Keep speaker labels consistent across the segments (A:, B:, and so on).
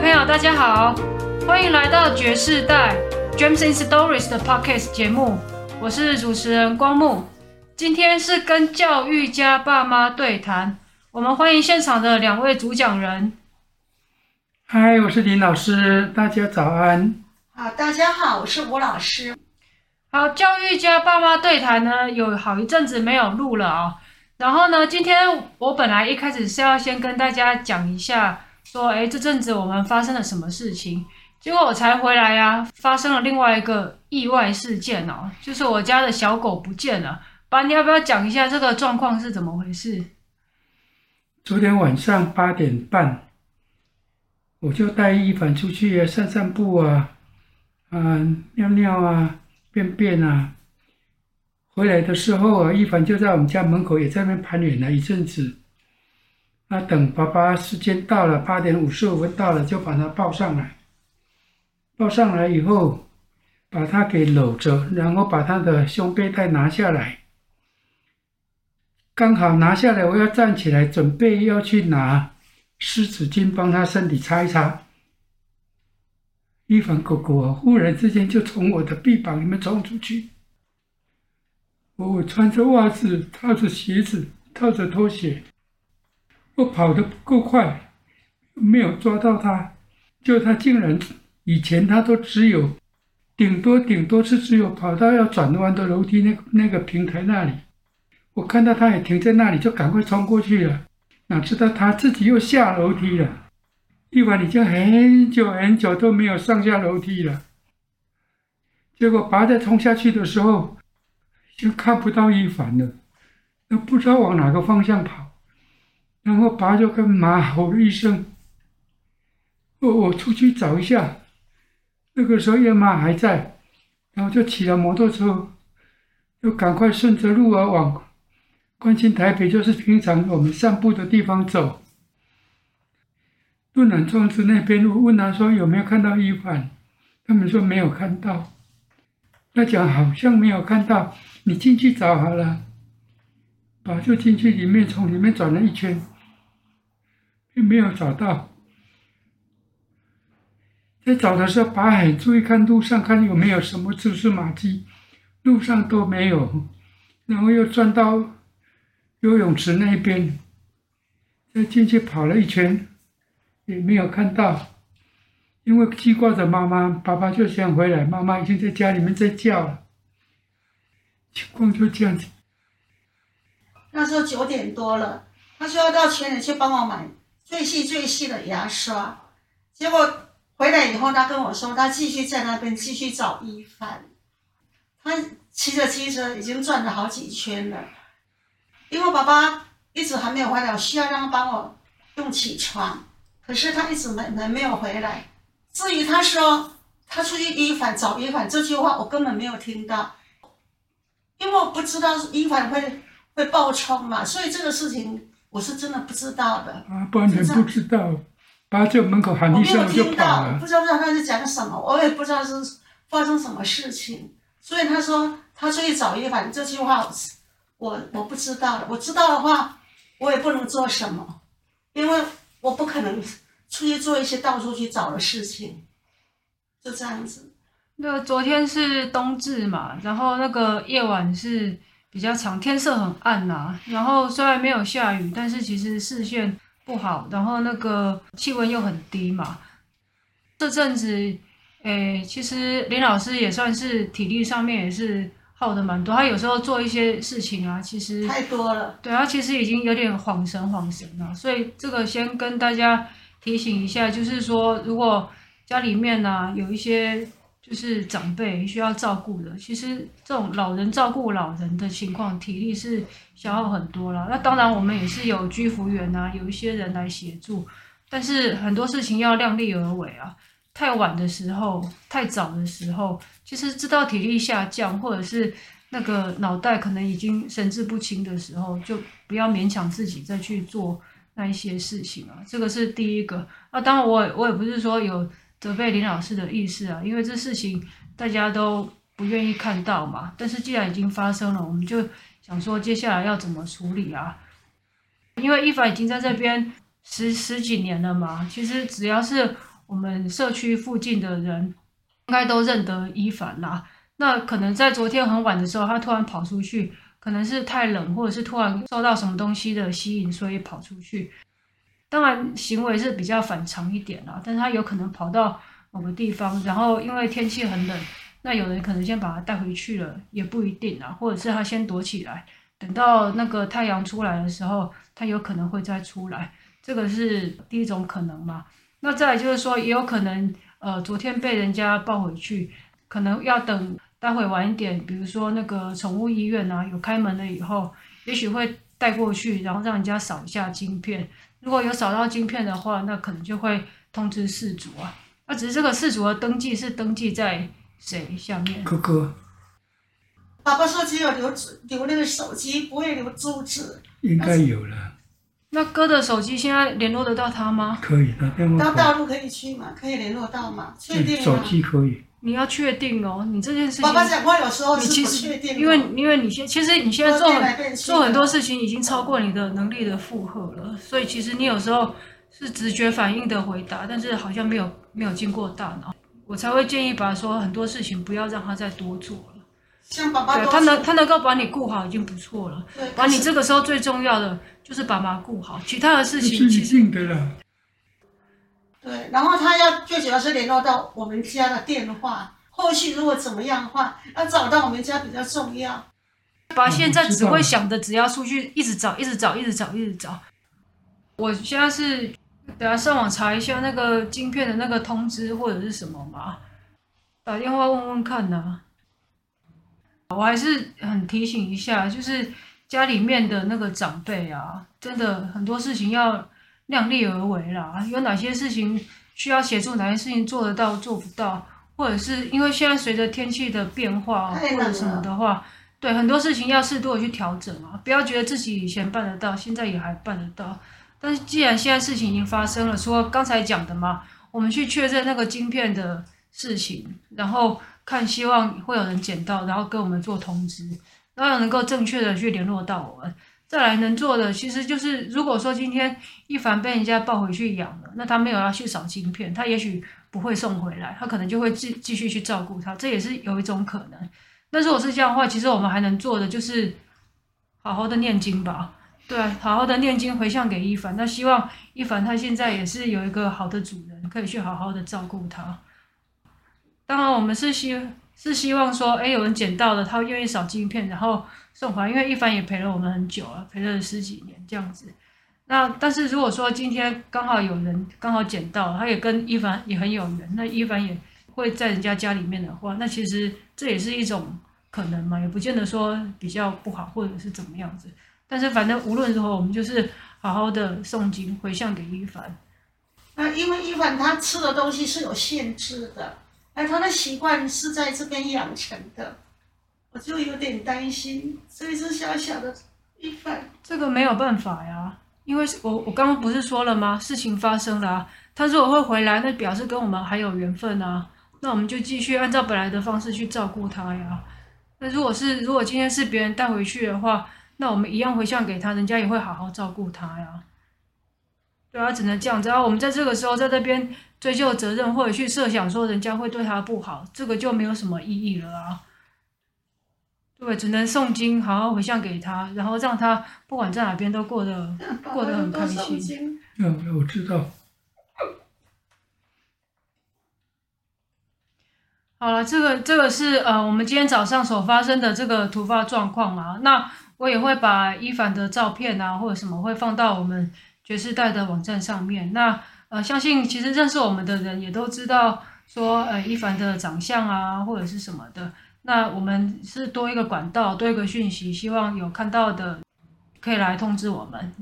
A: 朋友，大家好，歡迎來到覺世代 Gems in Stories 的 Podcast 節目，我是主持人光木。今天是跟教育家爸媽對談，我們歡迎現場的兩位主講人。
B: 嗨，我是林老師，大家早安。
A: 好，大家好，我是吳老師。好，教育家爸媽對談呢，有好一陣子沒有錄了啊、哦。然後呢，今天我本來一開始是要先跟大家講一下。說，誒，這陣子我們發生了什麼事情？結果我才回來呀、啊，發生了另外一個意外事件哦，就是我家的小狗不見了。爸，你要不要講一下這個狀況是怎麼回事？
B: 昨天晚上八點半，我就帶伊凡出去、啊、散散步啊，啊，尿尿啊，便便啊。回來的時候啊，伊凡就在我們家門口也在那邊盤旋了一陣子。那等爸爸時間到了，八點五十五分到了，就把他抱上來。抱上來以後，把他給摟着，然後把他的胸背帶拿下來。剛好拿下來，我要站起來，準備要去拿濕紙巾幫他身體擦一擦。伊凡狗狗忽然之間就從我的臂膀裡面衝出去，我、哦、穿着襪子，套着鞋子，套着拖鞋。我跑得不夠快，沒有抓到他。就他竟然，以前他都只有頂多頂多是只有跑到要轉彎的樓梯那個、那個平台那裡。我看到他也停在那裡，就趕快衝過去了。哪知道他自己又下樓梯了。伊凡已經很久很久都沒有上下樓梯了。結果，拔在衝下去的時候，就看不到伊凡了。都不知道往哪個方向跑。然後爸就跟媽吼一聲：“我我、哦哦、出去找一下。”那個時候夜媽還在，然後就騎了摩托車，就趕快順着路啊往關慶台北，就是平常我們散步的地方走。突南莊子那邊路，我問他說有沒有看到伊凡？他們說沒有看到。他講好像沒有看到，你進去找好了。就進去裡面，從裡面轉了一圈，並沒有找到。在找的時候，爸很注意看路上，看有沒有什麼蛛絲馬跡，路上都沒有。然後又轉到游泳池那一邊，再進去跑了一圈，也沒有看到。因為記掛着媽媽，爸爸就先回來，媽媽已經在家裡面在叫了。情況就這樣子。
C: 那時候九點多了，他說要到群裡去幫我買最細最細的牙刷，結果回來以後，他跟我說他繼續在那邊繼續找伊凡，他騎着騎着已經轉了好幾圈了，因為我爸爸一直還沒有回來，我需要讓他幫我用起床，可是他一直沒沒沒有回來。至於他說他出去伊凡找伊凡這句話，我根本沒有聽到，因為我不知道伊凡會會暴衝嘛，所以這個事情我是真的不知道的
B: 啊。不然你不知道。他在門口喊一聲就跑了，不
C: 知道他在講什麼，我也不知道是發生什麼事情。所以他說他出去找，一，反正這句話我我不知道，我知道的話，我也不能做什麼，因為我不可能出去做一些到處去找的事情，就這樣子。那
A: 昨天是冬至嘛，然後那個夜晚是。比較長，天色很暗吶、啊。然後雖然沒有下雨，但是其實視線不好。然後那個氣溫又很低嘛。這陣子，誒、欸，其實林老師也算是體力上面也是耗得蠻多。他有時候做一些事情啊，其實太多了。對，他其實已經有點恍神、恍神了、啊。所以這個先跟大家提醒一下，就是說，如果家裡面呢、啊、有一些。就是長輩需要照顧的，其實這種老人照顧老人的情況，體力是消耗很多了。那當然，我們也是有居服員啊，有一些人來協助，但是很多事情要量力而為啊。太晚的時候，太早的時候，其實知道體力下降，或者是那個腦袋可能已經神志不清的時候，就不要勉強自己再去做那一些事情啊。這個是第一個啊。那當然我，我我也不是說有。責備林老師的意思啊，因為這事情大家都不願意看到嘛。但是既然已經發生了，我們就想說接下來要怎麼處理啊？因為伊凡已經在這邊十十幾年了嘛，其實只要是我們社區附近的人，應該都認得伊凡啦。那可能在昨天很晚的時候，他突然跑出去，可能是太冷，或者是突然受到什麼東西的吸引，所以跑出去。當然，行為是比較反常一點啦，啊，但是他有可能跑到某個地方，然後因為天氣很冷，那有人可能先把它帶回去了，也不一定啊。或者是他先躲起來，等到那個太陽出來的時候，他有可能會再出來，這個是第一種可能嘛。那再來就是說，也有可能，呃，昨天被人家抱回去，可能要等待會晚一點，比如說那個寵物醫院吶，啊、有開門了以後，也許會帶過去，然後讓人家掃一下晶片。如果有掃到晶片的話，那可能就會通知飼主啊。那、啊、只是這個飼主的登記是登記在誰下面？哥哥，爸爸說只有留留那個手機，不會留住址。應該有了。那哥的手機現在聯絡得到他嗎？可
B: 以的，要不要到大陸
A: 可以去嘛，可以聯絡到嘛？確定嗎、嗯、手機可以。你要確定哦，你這件事情。爸爸講話有時候你其實因為因為你先其實你現在做做很多事情已經超過你的能力的負荷了，所以其實你有時候是直覺反應的回答，但是好像沒有沒有經過大腦，我才會建議把說很多事情不要讓他再多做了。像爸爸。他能他能夠把你顧好已經不錯了。把你這個時候最重要的就是把媽顧
B: 好，其他的事情。
A: 對，然
C: 後他要最主要是聯絡到我們家的電話，後續如果怎麼樣的話，要找
A: 到我們家比較重要。把現在只會想著只要出去一直找，一直找，一直找，一直找。我現在是等下上網查一下那個晶片的那個通知或者是什麼嘛，打電話問問看呢、啊。我還是很提醒一下，就是家裡面的那個長輩啊，真的很多事情要。量力而為啦，有哪些事情需要協助，哪些事情做得到，做不到，或者是因為現在隨着天氣的變化或者什麼的話，對，很多事情要適度的去調整啊，不要覺得自己以前辦得到，現在也還辦得到。但是既然現在事情已經發生了，說剛才講的嘛，我們去確認那個晶片的事情，然後看希望會有人撿到，然後跟我們做通知，然後能夠正確的去聯絡到我們。再來能做的，其實就是如果說今天伊凡被人家抱回去養了，那他沒有要去掃晶片，他也許不會送回來，他可能就會繼繼續去照顧他，這也是有一種可能。那如果是這樣的話，其實我們還能做的就是好好的念經吧，對，好好的念經回向給伊凡。那希望伊凡他現在也是有一個好的主人，可以去好好的照顧他。當然，我們是希是希望說，哎，有人撿到了，他願意掃晶片，然後送還，因為伊凡也陪了我們很久了，啊，陪了十幾年這樣子。那但是如果說今天剛好有人剛好撿到，他也跟伊凡也很有緣，那伊凡也會在人家家裡面的話，那其實這也是一種可能嘛，也不見得說比較不好或者是怎麼樣子。但是反正無論如何，我們就是好好的誦經回向給伊凡。那因
C: 為伊凡他吃的東西是有限制的。他的習慣是在這邊養
A: 成的，我就有點擔心，所以是小小的一份，這個沒有辦法呀。因為是我我，剛剛不是說了嗎？事情發生了啊，他如果會回來，那表示跟我們還有緣分啊，那我們就繼續按照本來的方式去照顧他呀。那如果是，如果今天是別人帶回去的話，那我們一樣回向給他，人家也會好好照顧他呀。對啊，只能這樣子。只、啊、要我們在這個時候在這邊追究責任，或者去設想說人家會對他不好，這個就沒有什麼意義了啊。對，只能誦經，好好回向給他，然後讓他不管在哪邊都過得、啊、過得很開心。
B: 嗯、啊，我知道。
A: 好了，這個這個是呃，我們今天早上所發生的這個突發狀況啊。那我也會把伊凡的照片啊，或者什麼會放到我們。覺世代的網站上面，那呃，相信其實認識我們的人也都知道說，說、欸、呃，伊凡的長相啊，或者是什麼的。那我們是多一個管道，多一個訊息，希望有看到的可以來通知我們。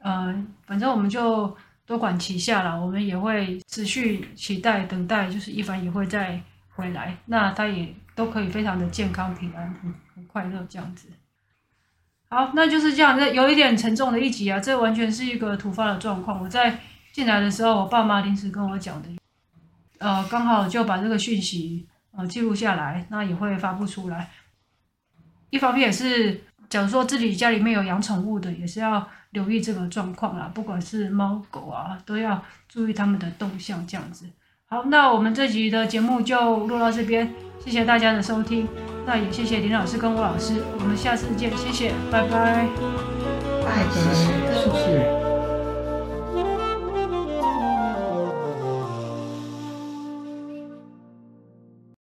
A: 呃，反正我們就多管齊下啦，我們也會持續期待等待，就是伊凡也會再回來。那他也都可以非常的健康、平安、很很快樂這樣子。好，那就是這樣。這有一點沉重的一集啊，這完全是一個突發的狀況。我在進來的時候，我爸媽臨時跟我講的，呃，剛好就把這個訊息呃記錄下來，那也會發布出來。一方面也是，假如說自己家裡面有養寵物的，也是要留意這個狀況啦，不管是貓狗啊，都要注意他們的動向這樣子。好，那我們這集的節目就錄到這邊，謝謝大家的收聽，那也謝謝林老師跟吳老師，我們下次見，謝謝，拜拜，拜拜，謝謝。拜拜謝謝。